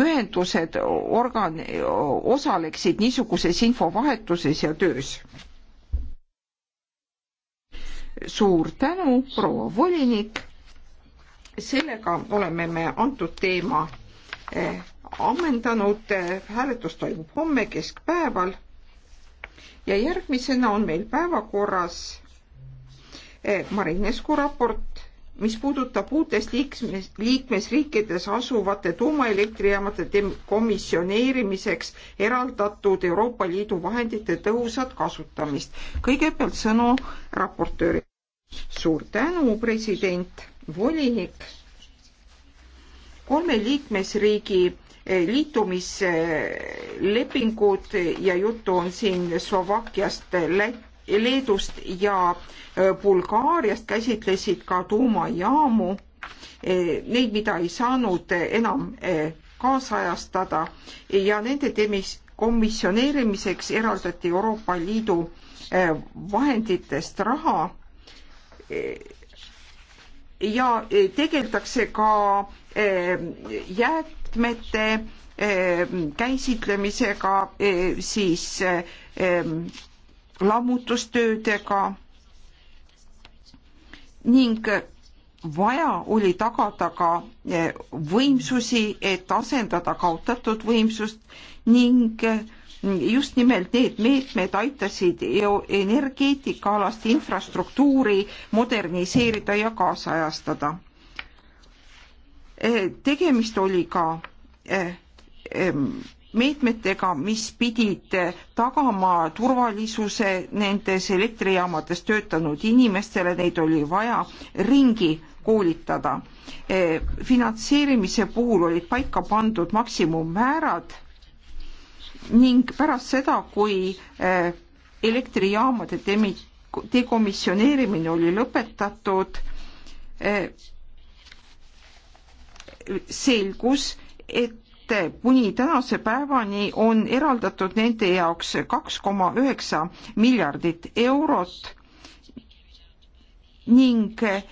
ühendused, organ, osaleksid niisuguses infovahetuses ja töös. suur tänu, proua volinik. sellega oleme me antud teema eh, ammendanud. hääletus toimub homme keskpäeval. ja järgmisena on meil päevakorras eh, Marinescu raport mis puudutab uutes liikmes, liikmesriikides asuvate tuumaelektrijaamade komisjoneerimiseks eraldatud Euroopa Liidu vahendite tõhusat kasutamist. kõigepealt sõnu raportööri. suur tänu, president, volinik. kolme liikmesriigi eh, liitumislepingud ja juttu on siin Slovakkiast, Läti Leedust ja äh, Bulgaariast käsitlesid ka tuumajaamu, äh, neid, mida ei saanud äh, enam kaasajastada ja nende temis-, komisjoneerimiseks eraldati Euroopa Liidu vahenditest raha ja tegeldakse ka jäätmete käsitlemisega siis ähm, lammutustöödega ning vaja oli tagada ka eh, võimsusi, et asendada kaotatud võimsust ning eh, just nimelt need meetmed aitasid energeetikaalast infrastruktuuri moderniseerida ja kaasajastada. Eh, tegemist oli ka meetmetega, mis pidid tagama turvalisuse nendes elektrijaamades töötanud inimestele, neid oli vaja ringi koolitada. E, finantseerimise puhul olid paika pandud maksimummäärad ning pärast seda, kui e, elektrijaamade demi-, dekomisjoneerimine oli lõpetatud, e, selgus, et et kuni tänase päevani on eraldatud nende jaoks kaks koma üheksa miljardit eurot ning eh,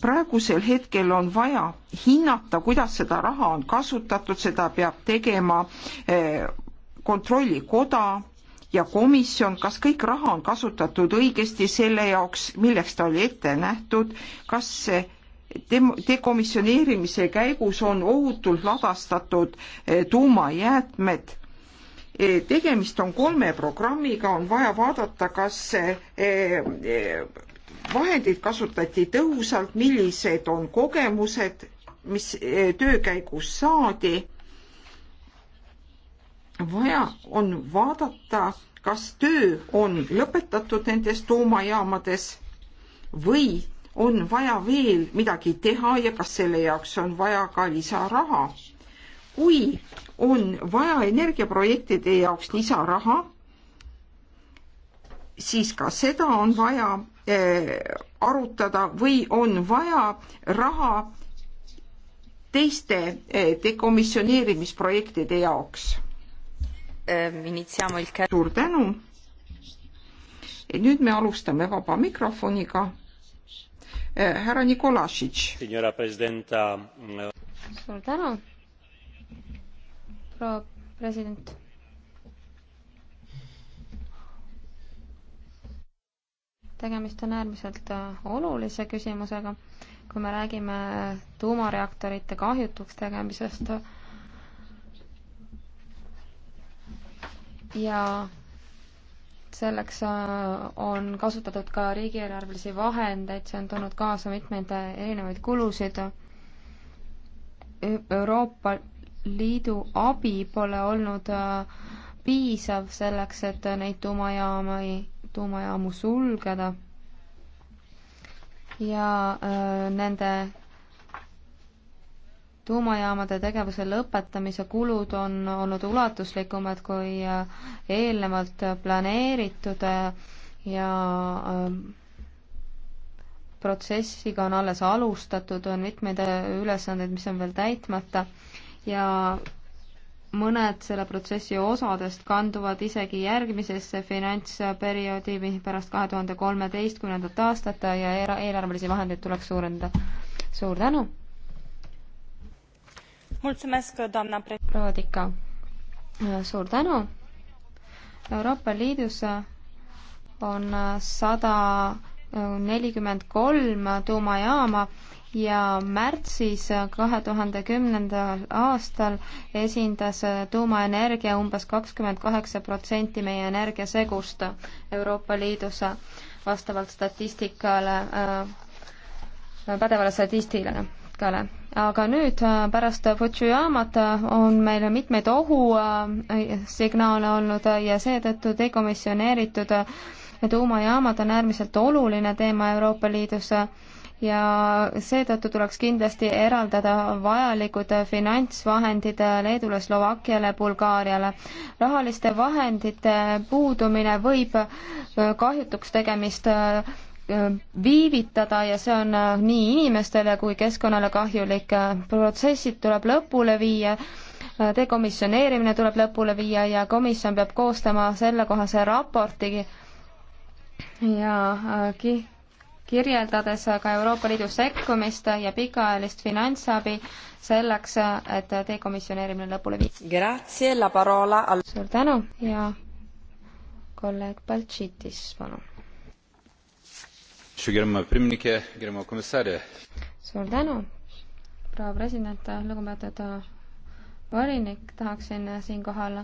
praegusel hetkel on vaja hinnata, kuidas seda raha on kasutatud, seda peab tegema eh, kontrollikoda ja komisjon, kas kõik raha on kasutatud õigesti selle jaoks, milleks ta oli ette nähtud, kas see dekomisjoneerimise käigus on ohutult ladastatud eh, tuumajäätmed. Eh, tegemist on kolme programmiga, on vaja vaadata, kas eh, vahendeid kasutati tõhusalt, millised on kogemused, mis töö käigus saadi. vaja on vaadata, kas töö on lõpetatud nendes tuumajaamades või on vaja veel midagi teha ja kas selle jaoks on vaja ka lisaraha. kui on vaja energiaprojektide jaoks lisaraha, siis ka seda on vaja eh, arutada või on vaja raha teiste eh, dekomisjoneerimisprojektide jaoks. Ähm, suur tänu. nüüd me alustame vaba mikrofoniga E, härra Nikolašitš. E, suur tänu, proua president. tegemist on äärmiselt e, olulise küsimusega, kui me räägime tuumareaktorite kahjutuks tegemisest ja selleks äh, on kasutatud ka riigieelarvelisi vahendeid, see on toonud kaasa mitmeid äh, erinevaid kulusid. Euroopa Liidu abi pole olnud äh, piisav selleks, et neid tuumajaama, tuumajaamu sulgeda ja öö, nende tuumajaamade tegevuse lõpetamise kulud on olnud ulatuslikumad kui äh, eelnevalt planeeritud äh, ja äh, protsessiga on alles alustatud, on mitmeid ülesandeid, mis on veel täitmata ja mõned selle protsessi osadest kanduvad isegi järgmisesse finantsperioodi pärast kahe tuhande kolmeteistkümnendat aastat ja eelarvelisi vahendeid tuleks suurendada. suur tänu! proua Tika, suur tänu. Euroopa Liidus on sada nelikümmend kolm tuumajaama ja märtsis kahe tuhande kümnendal aastal esindas tuumaenergia umbes kakskümmend kaheksa protsenti meie energiasegust Euroopa Liidus vastavalt statistikale, pädevale statistikale aga nüüd äh, pärast Fukuyamat äh, on meil mitmeid ohusignaale olnud äh, ja seetõttu dekomisjoneeritud tuumajaamad on äärmiselt oluline teema Euroopa Liidus ja seetõttu tuleks kindlasti eraldada vajalikud finantsvahendid Leedule, Slovakkiale, Bulgaariale. rahaliste vahendite puudumine võib kahjutuks tegemist viivitada ja see on äh, nii inimestele kui keskkonnale kahjulik. protsessid tuleb lõpule viia, äh, dekomisjoneerimine tuleb lõpule viia ja komisjon peab koostama sellekohase raporti ja äh, ki-, kirjeldades ka Euroopa Liidu sekkumist ja pikaajalist finantsabi selleks, et dekomisjoneerimine lõpule viia. suur tänu ja kolleeg Baltšitis, palun suur tänu, proua president, lugupeetud volinik, tahaksin siinkohal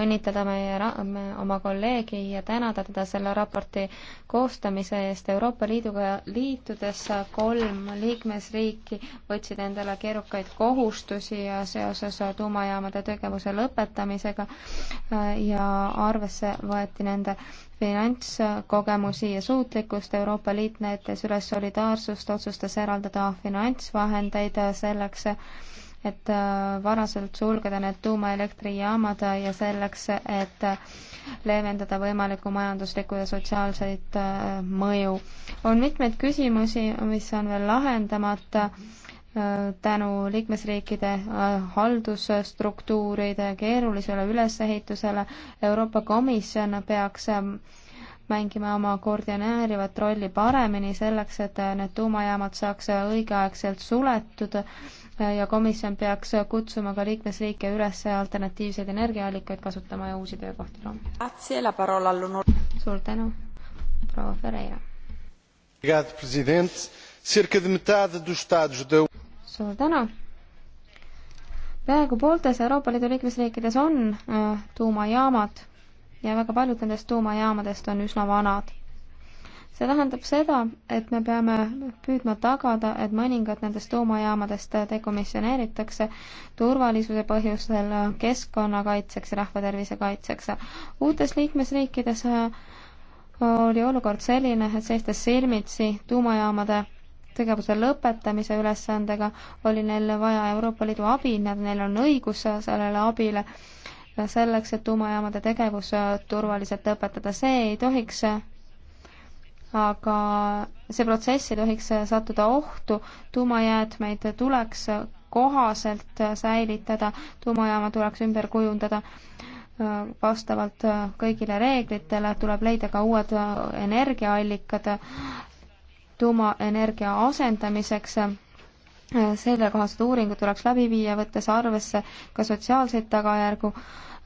õnnitleda meie, meie, oma kolleegi ja tänada teda selle raporti koostamise eest. Euroopa Liiduga liitudes kolm liikmesriiki võtsid endale keerukaid kohustusi ja seoses tuumajaamade tegevuse lõpetamisega äh, ja arvesse võeti nende finantskogemusi ja suutlikkust. Euroopa Liit näitas üles solidaarsust, otsustas eraldada finantsvahendeid selleks, et äh, varaselt sulgeda need tuumaelektrijaamad ja selleks, et leevendada võimalikku majanduslikku ja sotsiaalseid äh, mõju. on mitmeid küsimusi, mis on veel lahendamata äh, tänu liikmesriikide haldusstruktuuride keerulisele ülesehitusele. Euroopa Komisjon peaks mängima oma koordineerivat rolli paremini selleks, et need tuumajaamad saaks õigeaegselt suletud ja komisjon peaks kutsuma ka liikmesriike üles alternatiivseid energiaallikaid kasutama ja uusi töökohti looma. suur tänu, proua Ferreira. suur tänu. peaaegu pooltes Euroopa Liidu liikmesriikides on äh, tuumajaamad ja väga paljud nendest tuumajaamadest on üsna vanad see tähendab seda, et me peame püüdma tagada, et mõningad nendest tuumajaamadest dekomisjoneeritakse turvalisuse põhjusel keskkonnakaitseks ja rahvatervise kaitseks. uutes liikmesriikides äh, oli olukord selline, et seistes silmitsi tuumajaamade tegevuse lõpetamise ülesandega, oli neil vaja Euroopa Liidu abi, neil on õigus sellele abile selleks, et tuumajaamade tegevus äh, turvaliselt lõpetada, see ei tohiks äh, aga see protsess ei tohiks sattuda ohtu, tuumajäätmeid tuleks kohaselt säilitada, tuumajaama tuleks ümber kujundada vastavalt kõigile reeglitele, tuleb leida ka uued energiaallikad tuumaenergia asendamiseks sellekohased uuringud tuleks läbi viia, võttes arvesse ka sotsiaalseid tagajärgu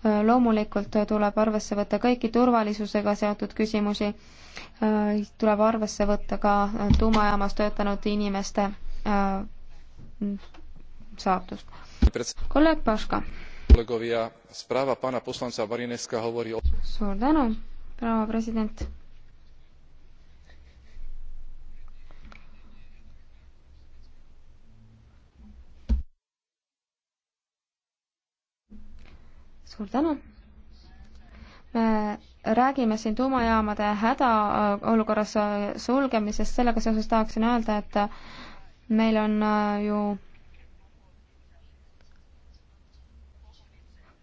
loomulikult tuleb arvesse võtta kõiki turvalisusega seotud küsimusi, äh, tuleb arvesse võtta ka äh, tuumajaamas töötanud inimeste äh, saatust. kolleeg Paška. kolleegovia, správa pana poslanca Marineska hovorí o... suur tänu, proua president suur tänu. me räägime siin tuumajaamade hädaolukorras äh, äh, sulgemisest, sellega seoses tahaksin öelda, et äh, meil on ju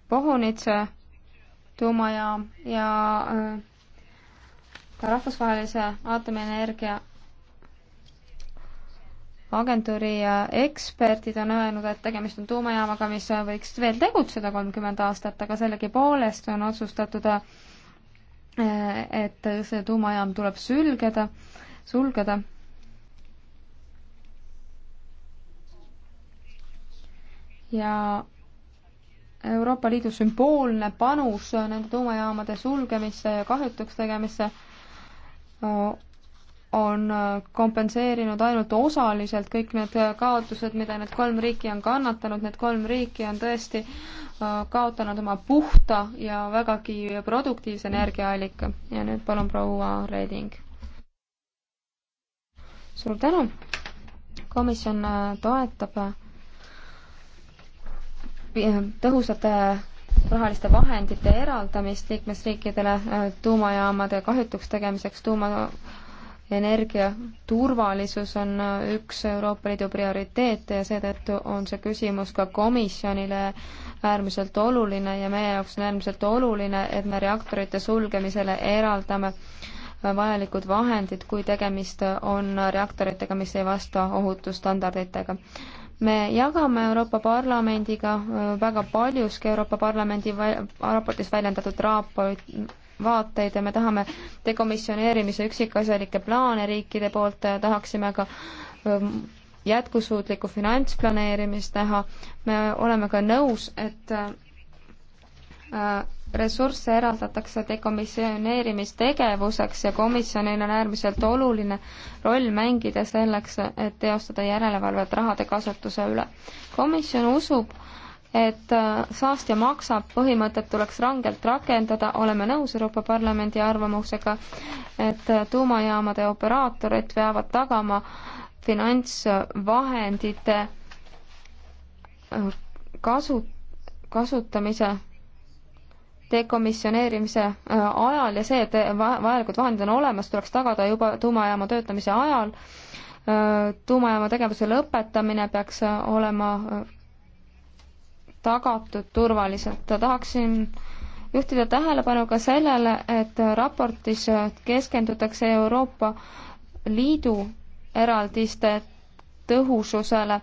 Pohunitse tuumajaam ja ka rahvusvahelise aatomienergia agentuuri eksperdid on öelnud, et tegemist on tuumajaamaga, mis võiks veel tegutseda kolmkümmend aastat, aga sellegipoolest on otsustatud, eh, et see tuumajaam tuleb sülgeda, sulgeda. ja Euroopa Liidu sümboolne panus nende tuumajaamade sulgemisse ja kahjutuks tegemisse on äh, kompenseerinud ainult osaliselt kõik need äh, kaotused, mida need kolm riiki on kannatanud, need kolm riiki on tõesti äh, kaotanud oma puhta ja vägagi produktiivse energiaallika. ja nüüd palun proua Reding. suur tänu. komisjon toetab tõhusate rahaliste vahendite eraldamist liikmesriikidele tuumajaamade kahjutuks tegemiseks tuuma energiaturvalisus on üks Euroopa Liidu prioriteete ja seetõttu on see küsimus ka komisjonile äärmiselt oluline ja meie jaoks on äärmiselt oluline, et me reaktorite sulgemisele eraldame vajalikud vahendid, kui tegemist on reaktoritega, mis ei vasta ohutusstandarditega. me jagame Euroopa Parlamendiga väga paljuski Euroopa Parlamendi raportis väljendatud raap-, vaateid ja me tahame dekomissioneerimise üksikasjalikke plaane riikide poolt, tahaksime ka ähm, jätkusuutlikku finantsplaneerimist näha. me oleme ka nõus, et äh, ressursse eraldatakse dekomissioneerimistegevuseks ja komisjonil on äärmiselt oluline roll mängida selleks, et teostada järelevalvet rahade kasutuse üle. komisjon usub, et äh, saastja maksab põhimõtet tuleks rangelt rakendada, oleme nõus Euroopa Parlamendi arvamusega, et äh, tuumajaamade operaatorid peavad tagama finantsvahendite äh, kasu, kasutamise dekomissioneerimise ajal ja see, et vajalikud vahendid on olemas, tuleks tagada juba tuumajaama töötamise ajal. tuumajaama tegevuse lõpetamine peaks olema tagatud turvaliselt. tahaksin juhtida tähelepanu ka sellele, et raportis keskendutakse Euroopa Liidu eraldiste tõhususele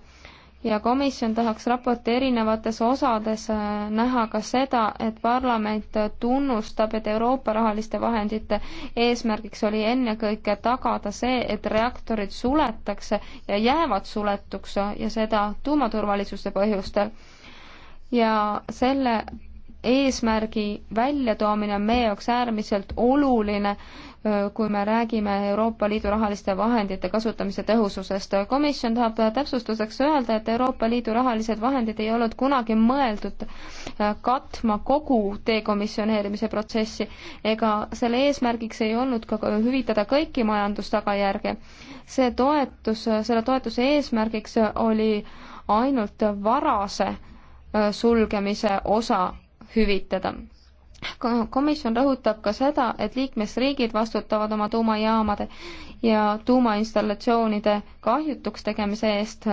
ja komisjon tahaks raporti erinevates osades näha ka seda, et parlament tunnustab, et Euroopa rahaliste vahendite eesmärgiks oli ennekõike tagada see, et reaktorid suletakse ja jäävad suletuks ja seda tuumaturvalisuse põhjustel ja selle eesmärgi väljatoomine on meie jaoks äärmiselt oluline, kui me räägime Euroopa Liidu rahaliste vahendite kasutamise tõhususest. komisjon tahab täpsustuseks öelda, et Euroopa Liidu rahalised vahendid ei olnud kunagi mõeldud katma kogu dekomisjoneerimise protsessi ega selle eesmärgiks ei olnud ka hüvitada kõiki majandustagajärge. see toetus, selle toetuse eesmärgiks oli ainult varase Äh, sulgemise osa hüvitada. komisjon rõhutab ka seda, et liikmesriigid vastutavad oma tuumajaamade ja tuumainstallatsioonide kahjutuks tegemise eest.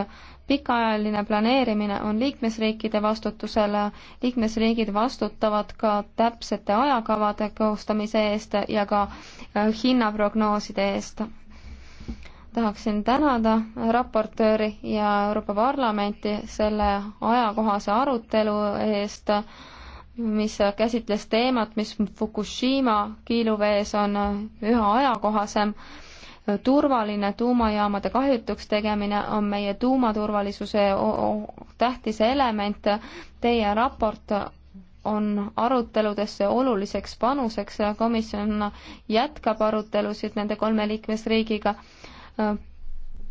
pikaajaline planeerimine on liikmesriikide vastutusel, liikmesriigid vastutavad ka täpsete ajakavade koostamise eest ja ka äh, hinnaprognooside eest tahaksin tänada raportööri ja Euroopa Parlamenti selle ajakohase arutelu eest, mis käsitles teemat, mis Fukushima kiiluvees on üha ajakohasem. turvaline tuumajaamade kahjutuks tegemine on meie tuumaturvalisuse tähtis element. Teie raport on aruteludesse oluliseks panuseks, komisjon jätkab arutelusid nende kolme liikmesriigiga Äh,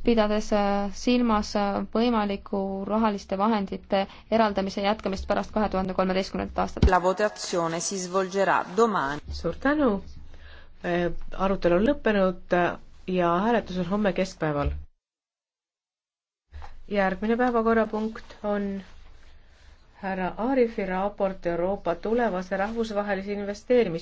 pidades äh, silmas äh, võimaliku rahaliste vahendite eraldamise jätkamist pärast kahe tuhande kolmeteistkümnendat aastat. La votazione si svolgerà domani. suur tänu, arutelu on lõppenud ja hääletus on homme keskpäeval. järgmine päevakorrapunkt on härra Arifi raport Euroopa tulevase rahvusvahelise investeerimis-